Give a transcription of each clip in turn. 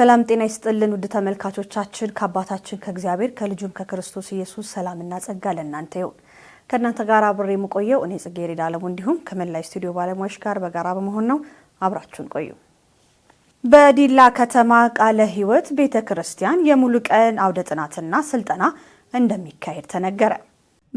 ሰላም ጤና ይስጥልን ውድ ተመልካቾቻችን፣ ከአባታችን ከእግዚአብሔር ከልጁም ከክርስቶስ ኢየሱስ ሰላምና ጸጋ ለእናንተ ይሁን። ከእናንተ ጋር አብሬ የምቆየው እኔ ሬዳ አለሙ እንዲሁም ከመላይ ስቱዲዮ ባለሙያዎች ጋር በጋራ በመሆን ነው። አብራችሁን ቆዩ። በዲላ ከተማ ቃለ ሕይወት ቤተ ክርስቲያን የሙሉ ቀን አውደ ጥናትና ስልጠና እንደሚካሄድ ተነገረ።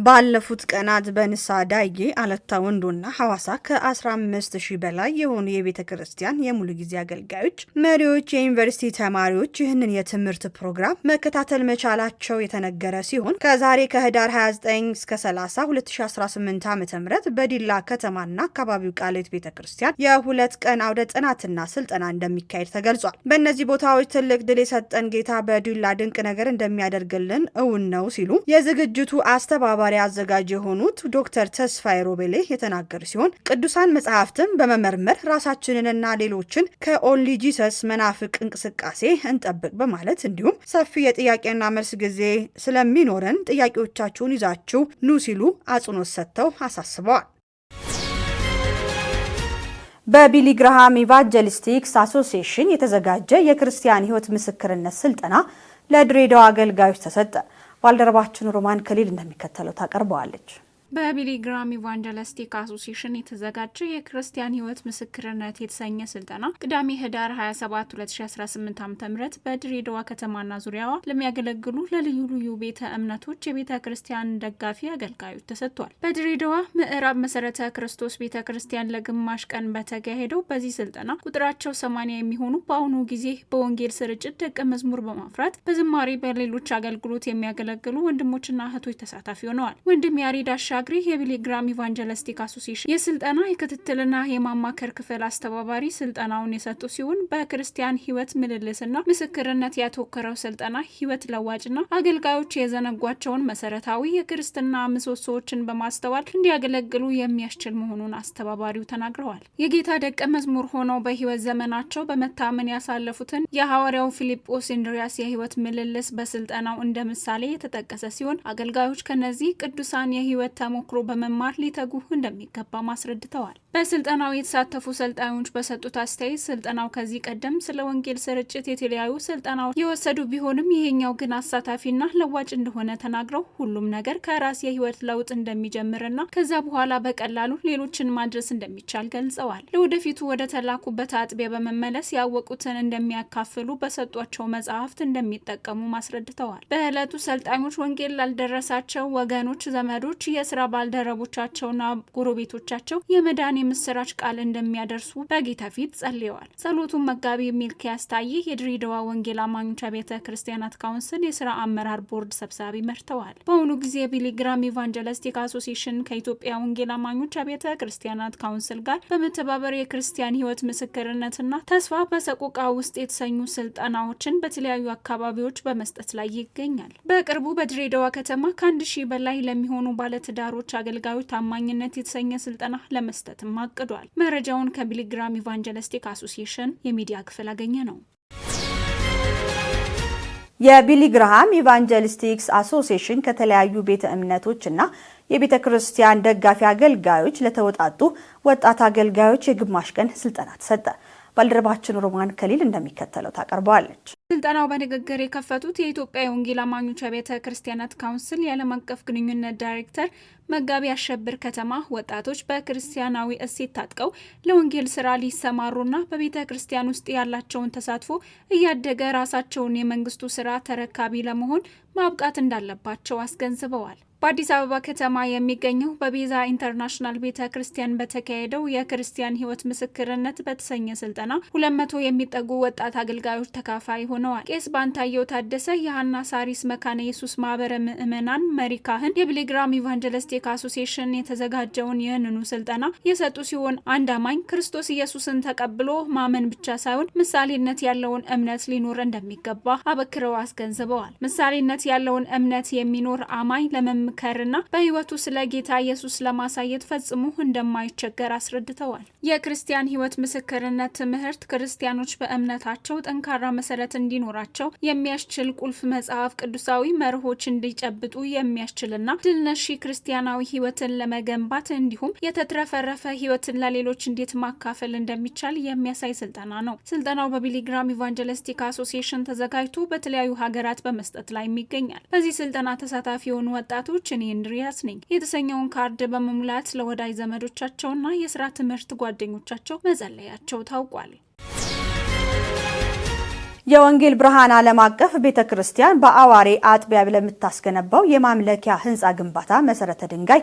ባለፉት ቀናት በንሳ ዳዬ አለታ ወንዶና ሐዋሳ ከ15 ሺህ በላይ የሆኑ የቤተ ክርስቲያን የሙሉ ጊዜ አገልጋዮች፣ መሪዎች፣ የዩኒቨርሲቲ ተማሪዎች ይህንን የትምህርት ፕሮግራም መከታተል መቻላቸው የተነገረ ሲሆን ከዛሬ ከህዳር 29 እስከ 30 2018 ዓ ም በዲላ ከተማና አካባቢው ቃሌት ቤተ ክርስቲያን የሁለት ቀን አውደ ጥናትና ስልጠና እንደሚካሄድ ተገልጿል። በእነዚህ ቦታዎች ትልቅ ድል የሰጠን ጌታ በዲላ ድንቅ ነገር እንደሚያደርግልን እውን ነው ሲሉ የዝግጅቱ አስተባባ ማስተባበሪያ አዘጋጅ የሆኑት ዶክተር ተስፋዬ ሮቤሌ የተናገሩ ሲሆን ቅዱሳን መጽሐፍትን በመመርመር ራሳችንንና ሌሎችን ከኦንሊ ጂሰስ መናፍቅ እንቅስቃሴ እንጠብቅ በማለት እንዲሁም ሰፊ የጥያቄና መልስ ጊዜ ስለሚኖረን ጥያቄዎቻችሁን ይዛችሁ ኑ ሲሉ አጽንኦት ሰጥተው አሳስበዋል። በቢሊ ኢቫንጀሊስቲክስ አሶሲሽን የተዘጋጀ የክርስቲያን ሕይወት ምስክርነት ስልጠና ለድሬዳዋ አገልጋዮች ተሰጠ። ባልደረባችን ሮማን ከሊል እንደሚከተለው ታቀርበዋለች። በቢሊግራም ኢቫንጀለስቲክ አሶሲሽን የተዘጋጀ የክርስቲያን ህይወት ምስክርነት የተሰኘ ስልጠና ቅዳሜ ህዳር 27 2018 ዓ ም በድሬዳዋ ከተማና ዙሪያዋ ለሚያገለግሉ ለልዩ ልዩ ቤተ እምነቶች የቤተ ክርስቲያን ደጋፊ አገልጋዮች ተሰጥቷል። በድሬዳዋ ምዕራብ መሰረተ ክርስቶስ ቤተ ክርስቲያን ለግማሽ ቀን በተካሄደው በዚህ ስልጠና ቁጥራቸው 80 የሚሆኑ በአሁኑ ጊዜ በወንጌል ስርጭት ደቀ መዝሙር በማፍራት በዝማሬ በሌሎች አገልግሎት የሚያገለግሉ ወንድሞችና እህቶች ተሳታፊ ሆነዋል። ወንድም ያሬድ አሻ አግሪ የቢሊግራም ኢቫንጀለስቲክ አሶሲሽን የስልጠና የክትትልና የማማከር ክፍል አስተባባሪ ስልጠናውን የሰጡ ሲሆን በክርስቲያን ህይወት ምልልስና ምስክርነት ያተኮረው ስልጠና ህይወት ለዋጭና አገልጋዮች የዘነጓቸውን መሰረታዊ የክርስትና ምሰሶዎችን በማስተዋል እንዲያገለግሉ የሚያስችል መሆኑን አስተባባሪው ተናግረዋል። የጌታ ደቀ መዝሙር ሆነው በህይወት ዘመናቸው በመታመን ያሳለፉትን የሐዋርያው ፊልጶስ እንድሪያስ የህይወት ምልልስ በስልጠናው እንደ ምሳሌ የተጠቀሰ ሲሆን አገልጋዮች ከነዚህ ቅዱሳን የህይወት ተሞክሮ በመማር ሊተጉ እንደሚገባም አስረድተዋል። በስልጠናው የተሳተፉ ሰልጣኞች በሰጡት አስተያየት ስልጠናው ከዚህ ቀደም ስለ ወንጌል ስርጭት የተለያዩ ስልጠናዎች የወሰዱ ቢሆንም ይሄኛው ግን አሳታፊና ለዋጭ እንደሆነ ተናግረው ሁሉም ነገር ከራስ የህይወት ለውጥ እንደሚጀምርና ከዛ በኋላ በቀላሉ ሌሎችን ማድረስ እንደሚቻል ገልጸዋል። ለወደፊቱ ወደ ተላኩበት አጥቢያ በመመለስ ያወቁትን እንደሚያካፍሉ በሰጧቸው መጽሐፍት እንደሚጠቀሙ አስረድተዋል። በዕለቱ ሰልጣኞች ወንጌል ላልደረሳቸው ወገኖች፣ ዘመዶች፣ የስራ ባልደረቦቻቸውና ጎረቤቶቻቸው የመዳን የምስራች ቃል እንደሚያደርሱ በጌታ ፊት ጸልየዋል። ጸሎቱን መጋቢ ሚልኪያስ ታዬ የድሬዳዋ ወንጌል አማኞች ቤተ ክርስቲያናት ካውንስል የስራ አመራር ቦርድ ሰብሳቢ መርተዋል። በአሁኑ ጊዜ ቢሊግራም ኢቫንጀለስቲክ አሶሲሽን ከኢትዮጵያ ወንጌል አማኞች ቤተ ክርስቲያናት ካውንስል ጋር በመተባበር የክርስቲያን ህይወት ምስክርነትና ተስፋ በሰቆቃ ውስጥ የተሰኙ ስልጠናዎችን በተለያዩ አካባቢዎች በመስጠት ላይ ይገኛል። በቅርቡ በድሬዳዋ ከተማ ከአንድ ሺህ በላይ ለሚሆኑ ባለትዳሮች አገልጋዮች ታማኝነት የተሰኘ ስልጠና ለመስጠት ለማድረግም አቅዷል። መረጃውን ከቢሊግራም ኢቫንጀሊስቲክ አሶሲሽን የሚዲያ ክፍል አገኘ ነው። የቢሊግራሃም ኢቫንጀሊስቲክስ አሶሲሽን ከተለያዩ ቤተ እምነቶች እና የቤተ ክርስቲያን ደጋፊ አገልጋዮች ለተወጣጡ ወጣት አገልጋዮች የግማሽ ቀን ስልጠና ተሰጠ። ባልደረባችን ሮማን ከሊል እንደሚከተለው ታቀርበዋለች። ስልጠናው በንግግር የከፈቱት የኢትዮጵያ የወንጌል አማኞች ቤተ ክርስቲያናት ካውንስል የዓለም አቀፍ ግንኙነት ዳይሬክተር መጋቢ አሸብር ከተማ ወጣቶች በክርስቲያናዊ እሴት ታጥቀው ለወንጌል ስራ ሊሰማሩና በቤተ ክርስቲያን ውስጥ ያላቸውን ተሳትፎ እያደገ ራሳቸውን የመንግስቱ ስራ ተረካቢ ለመሆን ማብቃት እንዳለባቸው አስገንዝበዋል። በአዲስ አበባ ከተማ የሚገኘው በቤዛ ኢንተርናሽናል ቤተ ክርስቲያን በተካሄደው የክርስቲያን ሕይወት ምስክርነት በተሰኘ ስልጠና ሁለት መቶ የሚጠጉ ወጣት አገልጋዮች ተካፋይ ሆነዋል። ቄስ ባንታየው ታደሰ የሀና ሳሪስ መካነ ኢየሱስ ማህበረ ምዕመናን መሪ ካህን፣ የብሌግራም ኢቫንጀሊስቲክ አሶሲሽን የተዘጋጀውን ይህንኑ ስልጠና የሰጡ ሲሆን አንድ አማኝ ክርስቶስ ኢየሱስን ተቀብሎ ማመን ብቻ ሳይሆን ምሳሌነት ያለውን እምነት ሊኖር እንደሚገባ አበክረው አስገንዝበዋል። ምሳሌነት ያለውን እምነት የሚኖር አማኝ ለመምከ መምከርና በህይወቱ ስለ ጌታ ኢየሱስ ለማሳየት ፈጽሞ እንደማይቸገር አስረድተዋል። የክርስቲያን ህይወት ምስክርነት ትምህርት ክርስቲያኖች በእምነታቸው ጠንካራ መሰረት እንዲኖራቸው የሚያስችል ቁልፍ መጽሐፍ ቅዱሳዊ መርሆች እንዲጨብጡ የሚያስችልና ድልነሺ ክርስቲያናዊ ህይወትን ለመገንባት እንዲሁም የተትረፈረፈ ህይወትን ለሌሎች እንዴት ማካፈል እንደሚቻል የሚያሳይ ስልጠና ነው። ስልጠናው በቢሊግራም ኢቫንጀሊስቲክ አሶሲሽን ተዘጋጅቶ በተለያዩ ሀገራት በመስጠት ላይም ይገኛል። በዚህ ስልጠና ተሳታፊ የሆኑ ወጣቶች ቤተሰቦች እኔ እንድሪያስ ነኝ የተሰኘውን ካርድ በመሙላት ለወዳጅ ዘመዶቻቸውና የስራ ትምህርት ጓደኞቻቸው መጸለያቸው ታውቋል። የወንጌል ብርሃን ዓለም አቀፍ ቤተ ክርስቲያን በአዋሬ አጥቢያ ለምታስገነባው የማምለኪያ ህንፃ ግንባታ መሰረተ ድንጋይ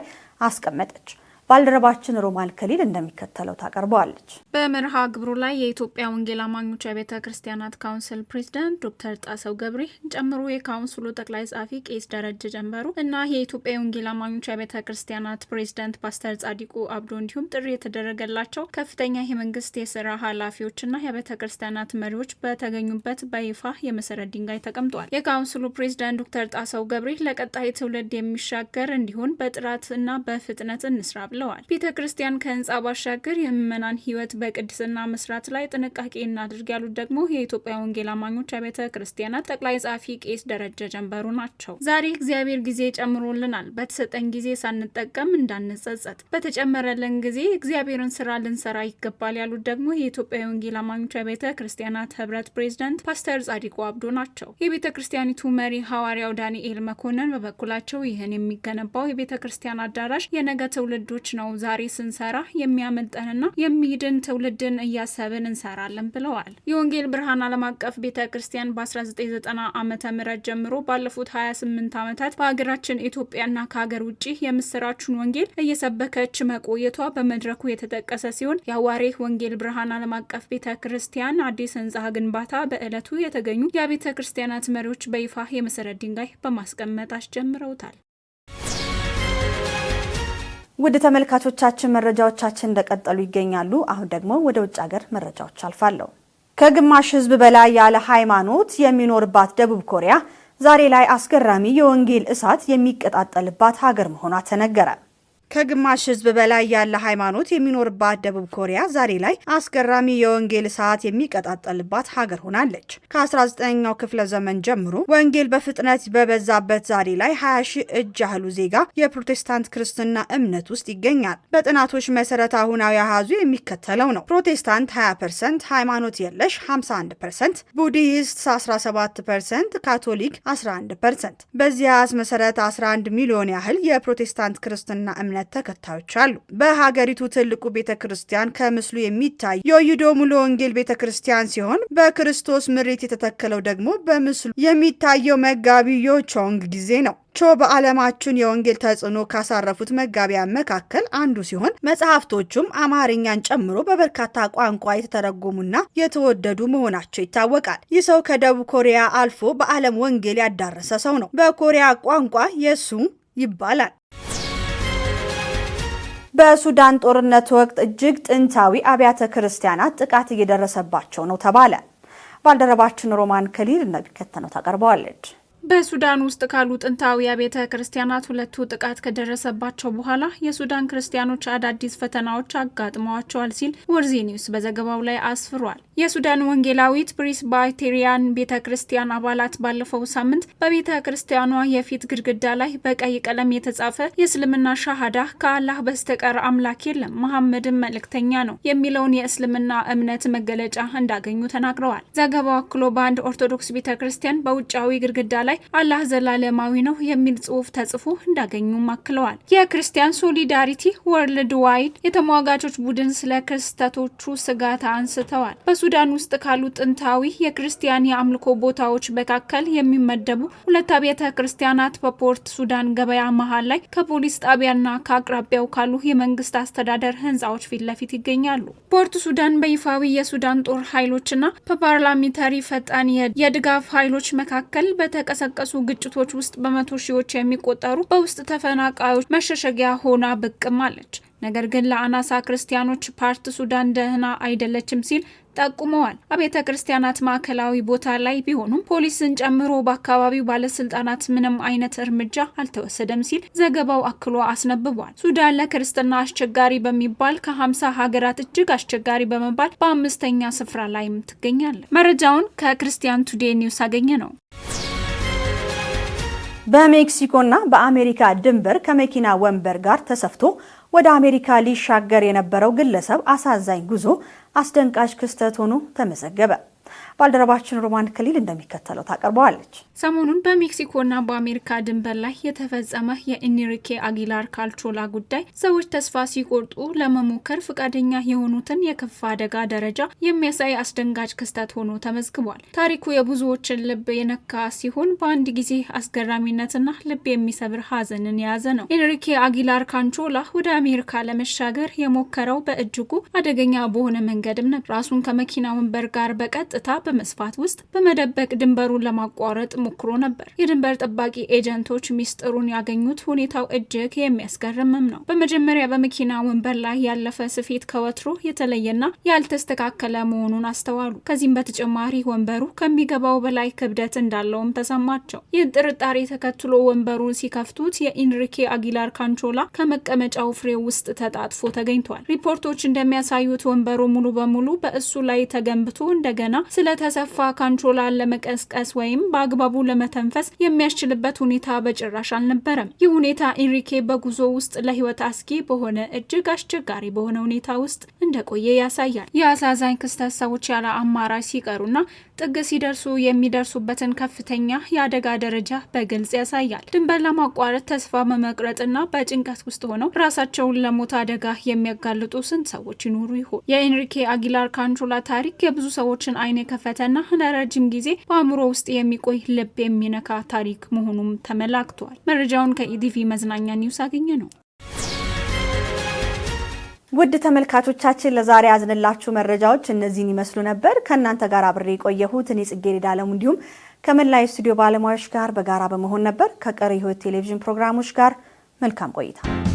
አስቀመጠች። ባልደረባችን ሮማል ከሊል እንደሚከተለው ታቀርበዋለች። በመርሃ ግብሩ ላይ የኢትዮጵያ ወንጌል አማኞች የቤተ ክርስቲያናት ካውንስል ፕሬዚዳንት ዶክተር ጣሰው ገብሬ ጨምሮ የካውንስሉ ጠቅላይ ጸሐፊ ቄስ ደረጀ ጀንበሩ እና የኢትዮጵያ ወንጌል አማኞች የቤተ ክርስቲያናት ፕሬዚዳንት ፓስተር ጻዲቁ አብዶ እንዲሁም ጥሪ የተደረገላቸው ከፍተኛ የመንግስት የስራ ኃላፊዎችና የቤተ ክርስቲያናት መሪዎች በተገኙበት በይፋ የመሰረት ድንጋይ ተቀምጧል። የካውንስሉ ፕሬዚዳንት ዶክተር ጣሰው ገብሬ ለቀጣይ ትውልድ የሚሻገር እንዲሆን በጥራት እና በፍጥነት እንስራ ብለዋል። ቤተ ክርስቲያን ከህንፃ ባሻገር የህመናን ህይወት በቅድስና መስራት ላይ ጥንቃቄ እናድርግ ያሉት ደግሞ የኢትዮጵያ ወንጌል አማኞች አብያተ ክርስቲያናት ጠቅላይ ጸሐፊ ቄስ ደረጀ ጀንበሩ ናቸው። ዛሬ እግዚአብሔር ጊዜ ጨምሮልናል። በተሰጠን ጊዜ ሳንጠቀም እንዳንጸጸት፣ በተጨመረልን ጊዜ እግዚአብሔርን ስራ ልንሰራ ይገባል ያሉት ደግሞ የኢትዮጵያ ወንጌል አማኞች አብያተ ክርስቲያናት ህብረት ፕሬዚደንት ፓስተር ጻዲቁ አብዶ ናቸው። የቤተ ክርስቲያኒቱ መሪ ሐዋርያው ዳንኤል መኮንን በበኩላቸው ይህን የሚገነባው የቤተ ክርስቲያን አዳራሽ የነገ ትውልዶች ነው ዛሬ ስንሰራ የሚያመልጠንና የሚድን ትውልድን እያሰብን እንሰራለን ብለዋል። የወንጌል ብርሃን ዓለም አቀፍ ቤተ ክርስቲያን በ1990 ዓመተ ምህረት ጀምሮ ባለፉት 28 ዓመታት በሀገራችን ኢትዮጵያና ከሀገር ውጭ የምስራችን ወንጌል እየሰበከች መቆየቷ በመድረኩ የተጠቀሰ ሲሆን የአዋሬ ወንጌል ብርሃን ዓለም አቀፍ ቤተ ክርስቲያን አዲስ ህንጻ ግንባታ በዕለቱ የተገኙ የቤተ ክርስቲያናት መሪዎች በይፋ የመሰረት ድንጋይ በማስቀመጥ አስጀምረውታል። ውድ ተመልካቾቻችን መረጃዎቻችን እንደቀጠሉ ይገኛሉ። አሁን ደግሞ ወደ ውጭ ሀገር መረጃዎች አልፋለሁ። ከግማሽ ሕዝብ በላይ ያለ ሃይማኖት የሚኖርባት ደቡብ ኮሪያ ዛሬ ላይ አስገራሚ የወንጌል እሳት የሚቀጣጠልባት ሀገር መሆኗ ተነገረ። ከግማሽ ሕዝብ በላይ ያለ ሃይማኖት የሚኖርባት ደቡብ ኮሪያ ዛሬ ላይ አስገራሚ የወንጌል ሰዓት የሚቀጣጠልባት ሀገር ሆናለች። ከ19ኛው ክፍለ ዘመን ጀምሮ ወንጌል በፍጥነት በበዛበት ዛሬ ላይ 20 ሺህ እጅ ያህሉ ዜጋ የፕሮቴስታንት ክርስትና እምነት ውስጥ ይገኛል። በጥናቶች መሰረት አሁናዊ አሃዙ የሚከተለው ነው። ፕሮቴስታንት 20 ፐርሰንት፣ ሃይማኖት የለሽ 51 ፐርሰንት፣ ቡዲስት 17 ፐርሰንት፣ ካቶሊክ 11 ፐርሰንት። በዚህ አሃዝ መሰረት 11 ሚሊዮን ያህል የፕሮቴስታንት ክርስትና እምነት እምነት ተከታዮች አሉ። በሀገሪቱ ትልቁ ቤተ ክርስቲያን ከምስሉ የሚታይ የዩዶ ሙሉ ወንጌል ቤተ ክርስቲያን ሲሆን በክርስቶስ ምሬት የተተከለው ደግሞ በምስሉ የሚታየው መጋቢ ዮቾንግ ጊዜ ነው። ቾ በዓለማችን የወንጌል ተጽዕኖ ካሳረፉት መጋቢያን መካከል አንዱ ሲሆን መጽሐፍቶቹም አማርኛን ጨምሮ በበርካታ ቋንቋ የተተረጎሙና የተወደዱ መሆናቸው ይታወቃል። ይህ ሰው ከደቡብ ኮሪያ አልፎ በዓለም ወንጌል ያዳረሰ ሰው ነው። በኮሪያ ቋንቋ የሱ ይባላል። በሱዳን ጦርነት ወቅት እጅግ ጥንታዊ አብያተ ክርስቲያናት ጥቃት እየደረሰባቸው ነው ተባለ። ባልደረባችን ሮማን ከሊል እንደሚከተለው ታቀርበዋለች። በሱዳን ውስጥ ካሉ ጥንታዊ ቤተ ክርስቲያናት ሁለቱ ጥቃት ከደረሰባቸው በኋላ የሱዳን ክርስቲያኖች አዳዲስ ፈተናዎች አጋጥመዋቸዋል ሲል ወርዚ ኒውስ በዘገባው ላይ አስፍሯል። የሱዳን ወንጌላዊት ፕሪስባቴሪያን ቤተ ክርስቲያን አባላት ባለፈው ሳምንት በቤተ ክርስቲያኗ የፊት ግድግዳ ላይ በቀይ ቀለም የተጻፈ የእስልምና ሻሃዳ ከአላህ በስተቀር አምላክ የለም፣ መሐመድም መልእክተኛ ነው የሚለውን የእስልምና እምነት መገለጫ እንዳገኙ ተናግረዋል። ዘገባው አክሎ በአንድ ኦርቶዶክስ ቤተ ክርስቲያን በውጫዊ ግድግዳ ላይ ላይ አላህ ዘላለማዊ ነው የሚል ጽሑፍ ተጽፎ እንዳገኙም አክለዋል። የክርስቲያን ሶሊዳሪቲ ወርልድ ዋይድ የተሟጋቾች ቡድን ስለ ክስተቶቹ ስጋት አንስተዋል። በሱዳን ውስጥ ካሉ ጥንታዊ የክርስቲያን የአምልኮ ቦታዎች መካከል የሚመደቡ ሁለት አብያተ ክርስቲያናት በፖርት ሱዳን ገበያ መሀል ላይ ከፖሊስ ጣቢያና ከአቅራቢያው ካሉ የመንግስት አስተዳደር ህንፃዎች ፊት ለፊት ይገኛሉ። ፖርት ሱዳን በይፋዊ የሱዳን ጦር ኃይሎችና በፓርላሜንታሪ ፈጣን የድጋፍ ኃይሎች መካከል በተቀ በተቀሰቀሱ ግጭቶች ውስጥ በመቶ ሺዎች የሚቆጠሩ በውስጥ ተፈናቃዮች መሸሸጊያ ሆና ብቅም አለች። ነገር ግን ለአናሳ ክርስቲያኖች ፓርት ሱዳን ደህና አይደለችም ሲል ጠቁመዋል። አብያተ ክርስቲያናት ማዕከላዊ ቦታ ላይ ቢሆኑም ፖሊስን ጨምሮ በአካባቢው ባለስልጣናት ምንም አይነት እርምጃ አልተወሰደም ሲል ዘገባው አክሎ አስነብቧል። ሱዳን ለክርስትና አስቸጋሪ በሚባል ከ50 ሀገራት እጅግ አስቸጋሪ በመባል በአምስተኛ ስፍራ ላይም ትገኛለች። መረጃውን ከክርስቲያን ቱዴ ኒውስ አገኘ ነው። በሜክሲኮና በአሜሪካ ድንበር ከመኪና ወንበር ጋር ተሰፍቶ ወደ አሜሪካ ሊሻገር የነበረው ግለሰብ አሳዛኝ ጉዞ አስደንጋጭ ክስተት ሆኖ ተመዘገበ። ባልደረባችን ሮማን ክሊል እንደሚከተለው ታቀርበዋለች። ሰሞኑን በሜክሲኮና በአሜሪካ ድንበር ላይ የተፈጸመ የኢንሪኬ አጊላር ካልቾላ ጉዳይ ሰዎች ተስፋ ሲቆርጡ ለመሞከር ፈቃደኛ የሆኑትን የከፋ አደጋ ደረጃ የሚያሳይ አስደንጋጭ ክስተት ሆኖ ተመዝግቧል። ታሪኩ የብዙዎችን ልብ የነካ ሲሆን በአንድ ጊዜ አስገራሚነትና ልብ የሚሰብር ሀዘንን የያዘ ነው። ኢንሪኬ አጊላር ካንቾላ ወደ አሜሪካ ለመሻገር የሞከረው በእጅጉ አደገኛ በሆነ መንገድም ነበር። ራሱን ከመኪና ወንበር ጋር በቀጥታ በመስፋት ውስጥ በመደበቅ ድንበሩን ለማቋረጥ ሞክሮ ነበር። የድንበር ጠባቂ ኤጀንቶች ሚስጥሩን ያገኙት ሁኔታው እጅግ የሚያስገርምም ነው። በመጀመሪያ በመኪና ወንበር ላይ ያለፈ ስፌት ከወትሮ የተለየና ያልተስተካከለ መሆኑን አስተዋሉ። ከዚህም በተጨማሪ ወንበሩ ከሚገባው በላይ ክብደት እንዳለውም ተሰማቸው። ይህ ጥርጣሬ ተከትሎ ወንበሩን ሲከፍቱት የኢንሪኬ አጊላር ካንቾላ ከመቀመጫው ፍሬ ውስጥ ተጣጥፎ ተገኝቷል። ሪፖርቶች እንደሚያሳዩት ወንበሩ ሙሉ በሙሉ በእሱ ላይ ተገንብቶ እንደገና ስለ ስለተሰፋ ካንትሮላን ለመቀስቀስ ወይም በአግባቡ ለመተንፈስ የሚያስችልበት ሁኔታ በጭራሽ አልነበረም። ይህ ሁኔታ ኢንሪኬ በጉዞ ውስጥ ለህይወት አስጊ በሆነ እጅግ አስቸጋሪ በሆነ ሁኔታ ውስጥ እንደቆየ ያሳያል። የአሳዛኝ ክስተት ሰዎች ያለ አማራጭ ሲቀሩና ጥግ ሲደርሱ የሚደርሱበትን ከፍተኛ የአደጋ ደረጃ በግልጽ ያሳያል። ድንበር ለማቋረጥ ተስፋ በመቅረጥና በጭንቀት ውስጥ ሆነው ራሳቸውን ለሞት አደጋ የሚያጋልጡ ስንት ሰዎች ይኖሩ ይሆን? የኢንሪኬ አጊላር ካንትሮላ ታሪክ የብዙ ሰዎችን አይን የተከፈተና ለረጅም ጊዜ በአእምሮ ውስጥ የሚቆይ ልብ የሚነካ ታሪክ መሆኑም ተመላክቷል። መረጃውን ከኢቲቪ መዝናኛ ኒውስ አገኘ ነው። ውድ ተመልካቾቻችን ለዛሬ ያዝንላችሁ መረጃዎች እነዚህን ይመስሉ ነበር። ከእናንተ ጋር አብሬ የቆየሁት እኔ ጽጌረዳ አለሙ እንዲሁም ከመላ ስቱዲዮ ባለሙያዎች ጋር በጋራ በመሆን ነበር። ከቀሪ ህይወት ቴሌቪዥን ፕሮግራሞች ጋር መልካም ቆይታ